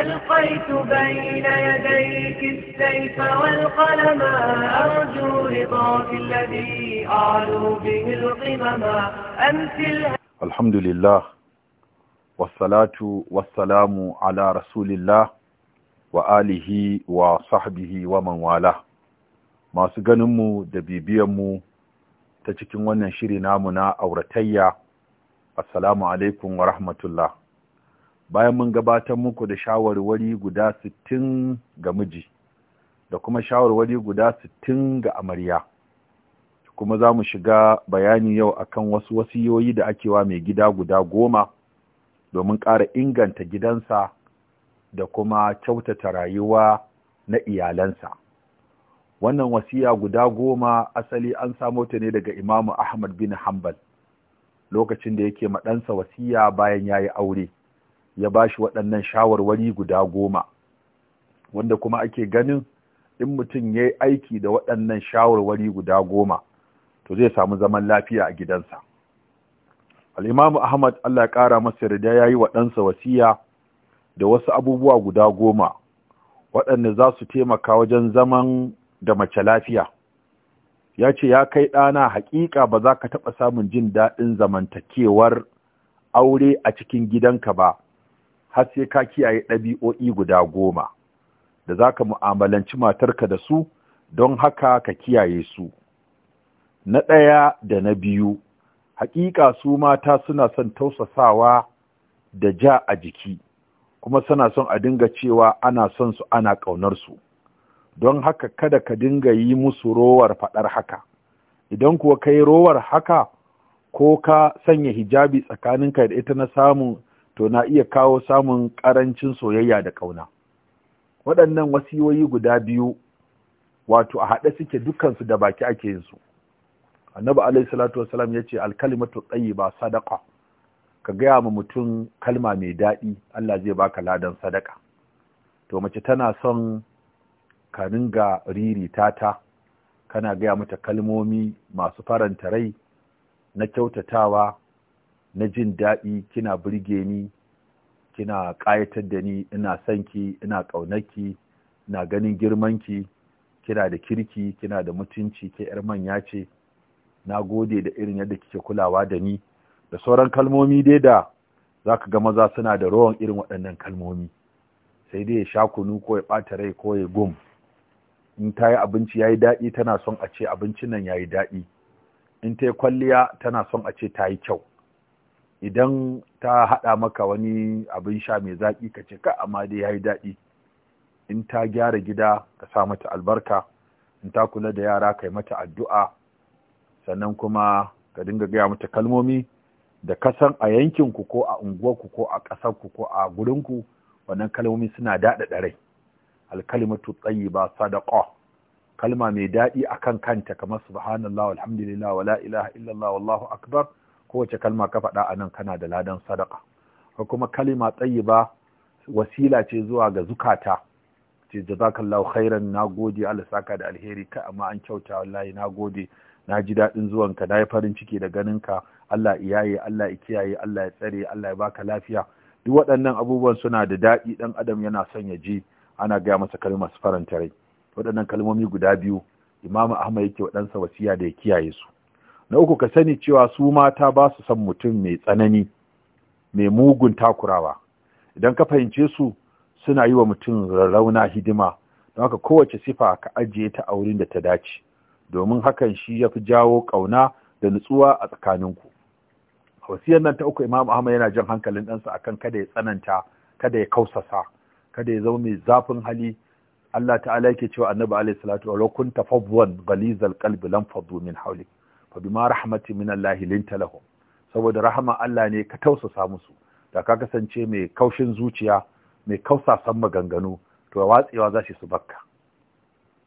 ألقيت بين يديك السيف والقلم أرجو رضاك الذي أعلو به القمم أمثل الحمد لله والصلاة والسلام على رسول الله وآله وصحبه ومن والاه masu ganinmu da bibiyanmu ta cikin wannan shiri namu na auratayya assalamu alaikum wa rahmatullah bayan mun gabatar muku da shawarwari guda 60 ga miji da kuma shawarwari guda sittin ga amarya kuma za mu shiga bayani yau akan wasu wasiyoyi da ake wa mai gida guda goma domin ƙara inganta gidansa da kuma kyautata rayuwa na iyalansa wannan wasiya guda goma asali an samo ta ne daga imamu ahmad bin hanbal lokacin da yake maɗansa wasiya bayan ya yi aure ya ba shi waɗannan shawarwari guda goma wanda kuma ake ganin in mutum ya aiki da waɗannan shawarwari guda goma to zai samu zaman lafiya a gidansa al'imamu ahmad allah ƙara masa yarda ya yi wa ɗansa wasiya da wasu abubuwa guda goma waɗanda za su taimaka wajen zaman da mace lafiya ya ce ya kai ɗana haƙiƙa ba za ka taɓa samun jin daɗin zamantakewar aure a cikin gidanka ba har sai ka kiyaye ɗabi'o'i guda goma da za ka mu'amalanci matarka da su don haka ka kiyaye su na ɗaya da na biyu haƙiƙa su mata suna son tausasawa da ja a jiki kuma suna son a dinga cewa ana son su ana ƙaunar su don haka kada ka dinga yi musu rowar faɗar haka idan kuwa ka yi rowar haka ko ka sanya hijabi tsakaninka da ita na samun to na iya kawo samun ƙarancin soyayya da ƙauna waɗannan wasiyoyi guda biyu wato a haɗe suke dukansu da baki ake yin su annabi Alayhi salatu wasalam ya ce alkalimatu tayyiba sadaqa ka gaya ma mutum kalma mai daɗi Allah zai baka ladan sadaka to mace tana son ka ringa ririta ta kana gaya mata kalmomi masu faranta rai na kyautatawa na jin daɗi kina burge ni kina ƙayatar da ni ina son ki ina ƙaunarki ina ganin girmanki kina da kirki kina da mutunci ke yar manya ce na gode da irin yadda kike kulawa da ni da sauran kalmomi dai da za ka ga maza suna da rawan irin waɗannan kalmomi sai dai ya sha kunu ko ya ɓata rai ko ya gum in ta yi abinci ya yi daɗi tana son a ce abincin nan ya yi daɗi in ta yi kwalliya tana son a ce ta yi kyau idan ta haɗa maka wani abin sha mai zaƙi ka ce ka amma dai ya yi daɗi in ta gyara gida ka sa mata albarka in ta kula da yara ka yi mata addu'a sannan kuma ka dinga gaya mata kalmomi da kasan a yankinku ko a unguwarku ko a ƙasarku ko a gurinku wannan kalmomi suna daɗaɗa rai alkalimatu ba sadaqa kalma mai daɗi akan kanta kamar subhanallah walhamdulillah wala ilaha illallah wallahu akbar kowace kalma ka faɗa a nan kana da ladan sadaka ko kuma kalima ba wasila ce zuwa ga zukata ce jazakallahu khairan nagode Allah saka da alheri ka amma an kyauta wallahi nagode na ji daɗin zuwanka na yi farin ciki da ganinka Allah ya yaye Allah ya kiyaye Allah ya tsare Allah ya baka lafiya duk waɗannan abubuwan suna da daɗi ɗan adam yana son ya ji ana gaya masa kalmar su faranta rai waɗannan kalmomi guda biyu imamu ahmad yake waɗansa wasiya da ya kiyaye su na uku ka sani cewa su mata ba su san mutum mai tsanani mai mugun takurawa idan ka fahimce su suna yi wa mutum rarrauna hidima don haka kowace sifa ka ajiye ta a wurin da ta dace domin hakan shi ya fi jawo ƙauna da nutsuwa a tsakaninku wasiyar nan ta uku imam ahmad yana jan hankalin ɗansa akan kada ya tsananta kada ya kausasa kada ya zama mai zafin hali Allah ta'ala yake cewa annabi alaihi salatu wa law kunta fadwan ghalizal qalbi lam fadu min hawlik fa bima rahmatin min Allah linta lahum saboda rahama Allah ne ka tausasa musu da ka kasance mai kaushin zuciya mai kausasan maganganu to watsewa za shi su bakka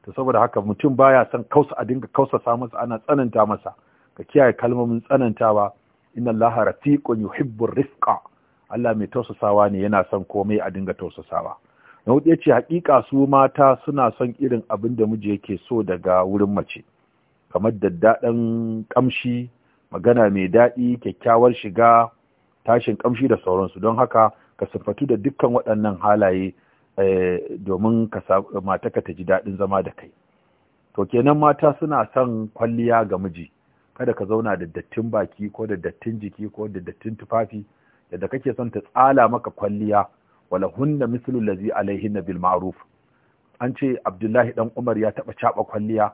to saboda haka mutum baya son kausa a dinga kausasa masa ana tsananta masa ka kiyaye kalmomin tsanantawa inna Allah rafiqun yuhibbu rifqa Allah mai tausasawa ne yana son komai a dinga tausasawa na hudu ya ce hakika su mata suna son irin abin da miji yake so daga wurin mace kamar daddaɗan ƙamshi magana mai daɗi kyakkyawar shiga tashin ƙamshi da sauransu don haka ka siffatu da dukkan waɗannan halaye eh, domin mataka ta ji daɗin zama da kai to kenan mata suna son kwalliya ga miji kada ka zauna da dattin baki ko da dattin jiki ko da dattin tufafi yadda kake son ta tsala maka kwalliya wala hunna mislu lazi alaihin bil ma'ruf an ce abdullahi dan umar ya taba caba kwalliya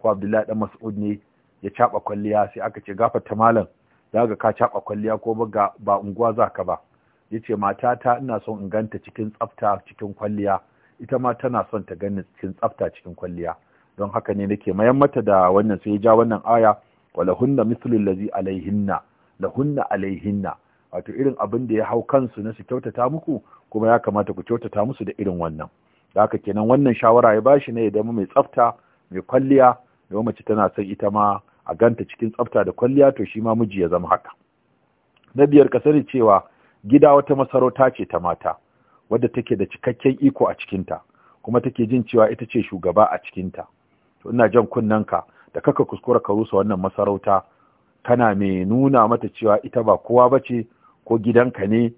ko Abdullahi dan Mas'ud ne ya caba kwalliya sai aka ce ta malam daga ka caba kwalliya ko ba ba unguwa zaka ba yace matata ina son in ganta cikin tsafta cikin kwalliya ita ma tana son ta gani cikin tsafta cikin kwalliya don haka ne nake mayan mata da wannan sai ya ja wannan aya walahunna mithlu allazi alaihinna lahunna alaihinna wato irin abin da ya hau kansu na su kyautata muku kuma ya kamata ku kyautata musu da irin wannan da haka kenan wannan shawara ya bashi ne ya zama mai tsafta mai kwalliya yau mace tana son ita ma a ganta cikin tsafta da kwalliya to shi ma miji ya zama haka na biyar ka sani cewa gida wata masarauta ce ta mata wadda take da cikakken iko a cikinta kuma take jin cewa ita ce shugaba a cikinta to ina jan ka da kaka kuskura ka rusa wannan masarauta kana mai nuna mata cewa ita ba kowa bace, ce ko gidanka ne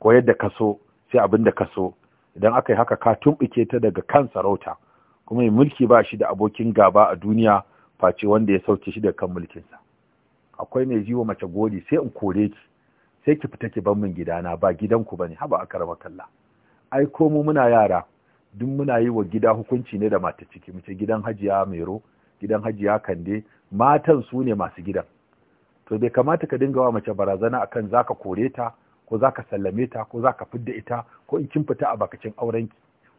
ko yadda ka so sai abin da ka so idan aka yi haka ka tumɓuke ta daga kan sarauta kuma yi mulki ba shi da abokin gaba a duniya face wanda ya sauke shi da kan mulkinsa akwai mai jiwa mace gori sai in kore ki sai ki fita ki bar min gidana ba gidanku bane haba aka rama kalla ai ko mu muna yara duk muna yi wa gida hukunci ne da mata ciki mu ce gidan hajiya mero gidan hajiya kande matan su ne masu gidan to bai kamata ka dinga wa mace barazana akan zaka kore ta ko zaka sallame ta ko zaka fidda ita ko in kin fita a bakacin ki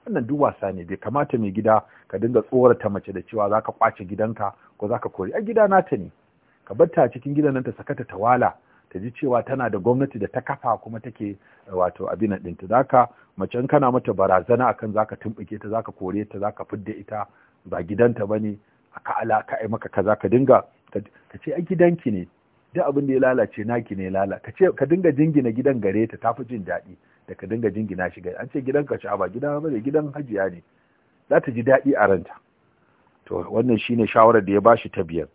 wannan duk wasa ne bai kamata mai gida ka dinga tsorata mace da cewa zaka kwace gidanka ko zaka kori a gida nata ne ka bar ta cikin gidan nan ta sakata ta wala ta ji cewa tana da gwamnati da ta kafa kuma take eh, wato abin din ta zaka mace kana mata barazana akan zaka tumbuke ta zaka kore ta zaka fidda ita ba gidanta bane aka ala ka ai maka kaza ka dinga ka ce a gidanki ne duk abin da ya lalace naki ne lala ka ce ka dinga jingina gidan gare ta tafi jin daɗi da ka dinga jingina shi gare an ce gidan ka sha'aba gidan ba gidan hajiya ne za ta ji daɗi a ranta to wannan shine shawarar da ya bashi ta biyar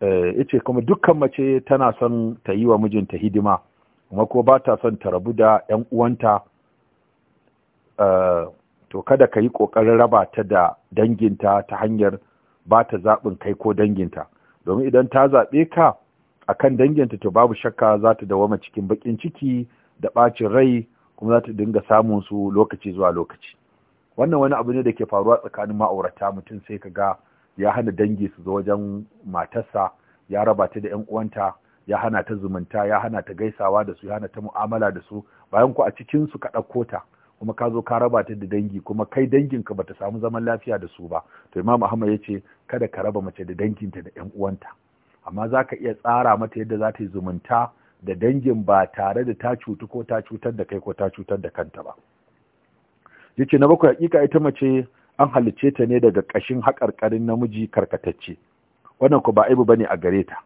eh, yace kuma dukkan mace tana son ta yi wa mijinta hidima kuma ko ba ta son ta rabu da 'yan uwanta eh, to kada ka yi ƙoƙarin raba ta da danginta ta hanyar ba ta zaɓin kai ko danginta domin idan ta zaɓe ka akan danginta to babu shakka za ta dawama cikin bakin ciki da bacin rai kuma za ta dinga samun su lokaci zuwa lokaci wannan wani abu ne da ke faruwa tsakanin ma'aurata mutum sai ka ga ya hana dangi su zo wajen matarsa ya raba ta da 'yan uwanta ya hana ta zumunta ya hana ta gaisawa da su ya hana ta mu'amala da su bayan ku a cikin su ka ɗauko ta kuma ka zo ka raba ta da dangi kuma kai danginka bata samu zaman lafiya da su ba to imam ahmad ya ce kada ka raba mace da danginta da 'yan uwanta amma za ka iya tsara mata yadda za ta yi zumunta da dangin ba tare da ta cutu ko ta cutar da kai ko ta cutar da kanta ba yace na bakwai hakika ita mace an halicce ta ne daga ƙashin haƙarƙarin namiji karkatacce wannan ku ba aibu bane a gare ta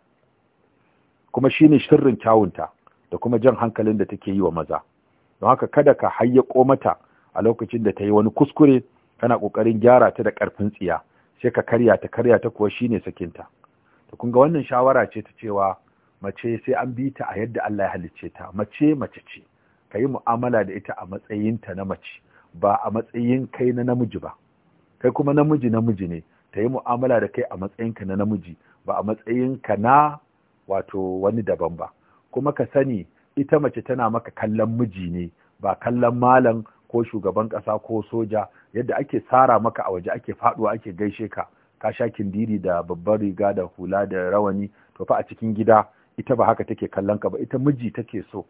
kuma shine kyawun kyawunta da kuma jan hankalin da take yi wa maza don haka kada ka hayyako mata a lokacin da ta yi wani kuskure kana ƙoƙarin gyara ta da ƙarfin tsiya sai ka karya ta karya ta kuwa shine sakinta to kun ga wannan shawara ce ta cewa mace sai an bi ta a yadda Allah ya halicce ta mace mace ce ka yi mu'amala da ita a matsayinta na mace ba a matsayin kai na namiji ba kai kuma namiji namiji ne ta yi mu'amala da kai a matsayinka na namiji ba a matsayinka na wato wani daban ba kuma ka sani ita mace tana maka kallon miji ne ba kallon malam ko shugaban ƙasa ko soja yadda ake tsara maka a waje ake faɗuwa ake gaishe ka ka sha kindiri da babbar riga da hula da rawani to fa a cikin gida ita ba haka take kallon ka ba ita miji take so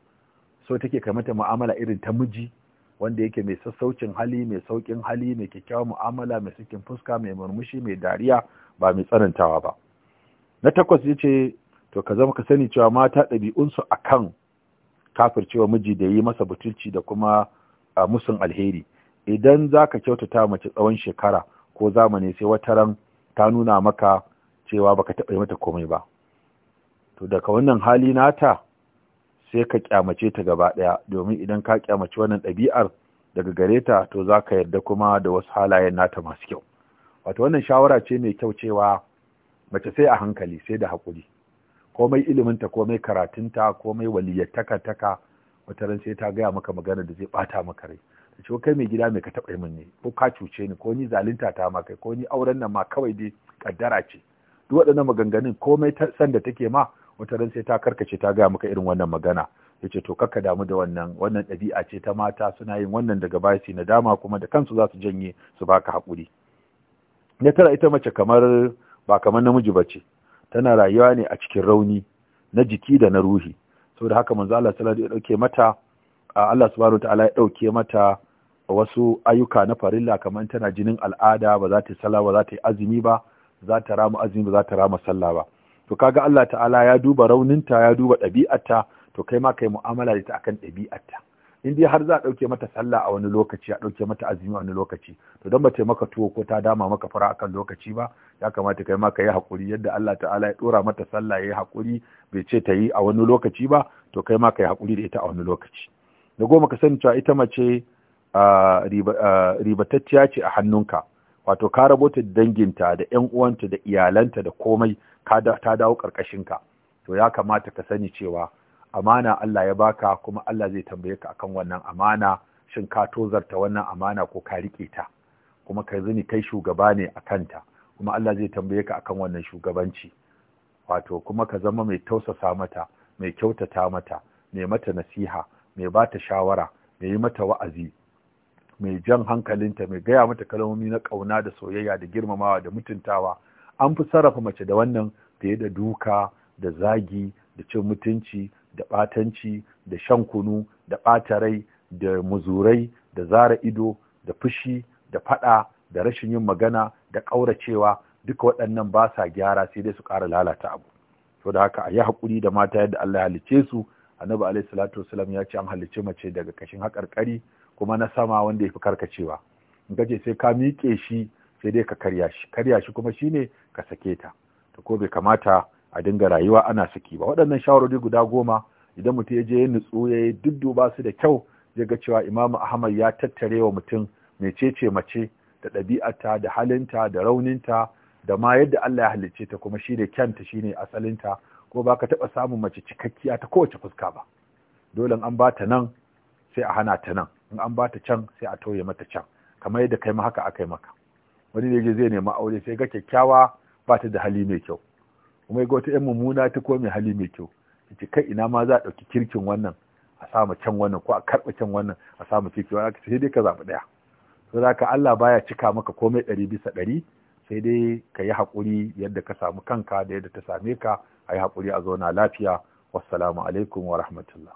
so take kai mata mu'amala irin ta miji wanda yake mai sassaucin hali mai saukin hali mai kyakkyawar mu'amala mai sakin fuska mai murmushi mai dariya ba mai tsanantawa ba na takwas yace to ka zama ka sani cewa mata ɗabi'unsu akan kafircewa miji da yi masa butulci da kuma musun alheri idan zaka kyautata mace tsawon shekara ko zamani sai wataran ta nuna maka cewa baka taɓa yi mata komai ba to daga wannan hali nata sai ka kyamace ta gaba ɗaya domin idan ka kyamace wannan ɗabi'ar daga gare ta to za ka yarda kuma da wasu halayen nata masu kyau wato wannan shawara ce mai kyau cewa mace sai a hankali sai da hakuri, komai iliminta komai karatunta komai waliyyar taka wata ran sai ta gaya maka magana da zai ɓata maka rai ce kai mai gida mai ka taɓa min ne ko ka cuce ni ko ni zalunta ta ma kai ko ni auren nan ma kawai dai kaddara ce duk waɗannan maganganun komai ta san da take ma wata ran sai ta karkace ta gaya maka irin wannan magana yace to kakka damu da wannan wannan ɗabi'a ce ta mata suna yin wannan daga baya su dama kuma da kansu za su janye su baka haƙuri na tara ita mace kamar ba kamar namiji ba ce. tana rayuwa ne a cikin rauni na jiki da na ruhi saboda haka manzo Allah sallallahu alaihi sallam ya dauke mata Allah subhanahu ta'ala ya dauke mata wasu ayyuka na farilla kamar tana jinin al'ada ba za ta yi sallah ba za ta yi azumi ba za ta rama azumi ba za ta rama sallah ba to kaga Allah ta'ala ya duba rauninta ya duba ɗabi'arta to kai ma kai mu'amala da ta akan ɗabi'arta in dai har za a ɗauke mata sallah a wani lokaci a ɗauke mata azumi a wani lokaci to don ba ta maka tuwo ko ta dama maka fara akan lokaci ba ya kamata kai ma ka yi haƙuri yadda Allah ta'ala ya ɗora mata sallah ya yi haƙuri bai ce ta yi a wani lokaci ba to kai ma ka yi haƙuri da ita a wani lokaci da goma ka sani cewa ita mace ribatacciya ce a hannunka wato ka rabota danginta da ‘yan uwanta da iyalanta da komai ta dawo ƙarƙashinka to ya kamata ka sani cewa amana Allah ya baka kuma Allah zai tambaye ka akan wannan amana shin ka tozarta wannan amana ko ka riƙe ta kuma ka zini kai shugaba ne a kanta kuma Allah zai tambaye ka akan wannan shugabanci wato kuma ka zama mai tausasa mata mai kyautata mata mai mata nasiha mai ba ta shawara mai yi mata wa'azi mai jan hankalinta mai gaya mata kalmomi na ƙauna da soyayya da girmamawa da mutuntawa an fi sarrafa mace da wannan fiye da duka da zagi da cin mutunci da ɓatanci da shan kunu da ɓatarai da muzurai da zara ido da fushi da faɗa da rashin yin magana da ƙauracewa duka waɗannan ba sa gyara sai dai su ƙara lalata abu to da haka a yi haƙuri da mata yadda Allah ya halicce su annabi alaihi salatu wasalam ya ce an halicce mace daga kashin haƙarƙari kuma na sama wanda ya fi karkacewa in kace sai ka miƙe shi sai dai ka karya shi karya shi kuma shine ka sake ta to ko bai kamata a dinga rayuwa ana saki ba waɗannan shawarwari guda goma idan mutum ya je ya nutsu ya yi dudduba su da kyau zai ga cewa imamu ahmad ya tattare wa mutum mecece mace da ɗabi'ata da halinta da rauninta da ma yadda Allah ya halicce ta kuma shine kyanta shine asalinta ko ba ka taɓa samun mace cikakkiya ta kowace fuska ba dole an ba ta nan sai a hana ta nan in an ba ta can sai a tauye mata can kamar yadda kai ma haka aka yi maka wani ne je zai nemi aure sai ga kyakkyawa ba ta da hali mai kyau kuma ga wata 'yan mummuna ta ko mai hali mai kyau ce kai ina ma za a ɗauki kirkin wannan a samu can wannan ko a karɓa can wannan a samu kirkin wannan sai dai ka zaɓi ɗaya to za ka Allah baya cika maka komai ɗari bisa ɗari sai dai ka yi haƙuri yadda ka samu kanka da yadda ta same ka a yi haƙuri a zauna lafiya wassalamu alaikum wa rahmatullah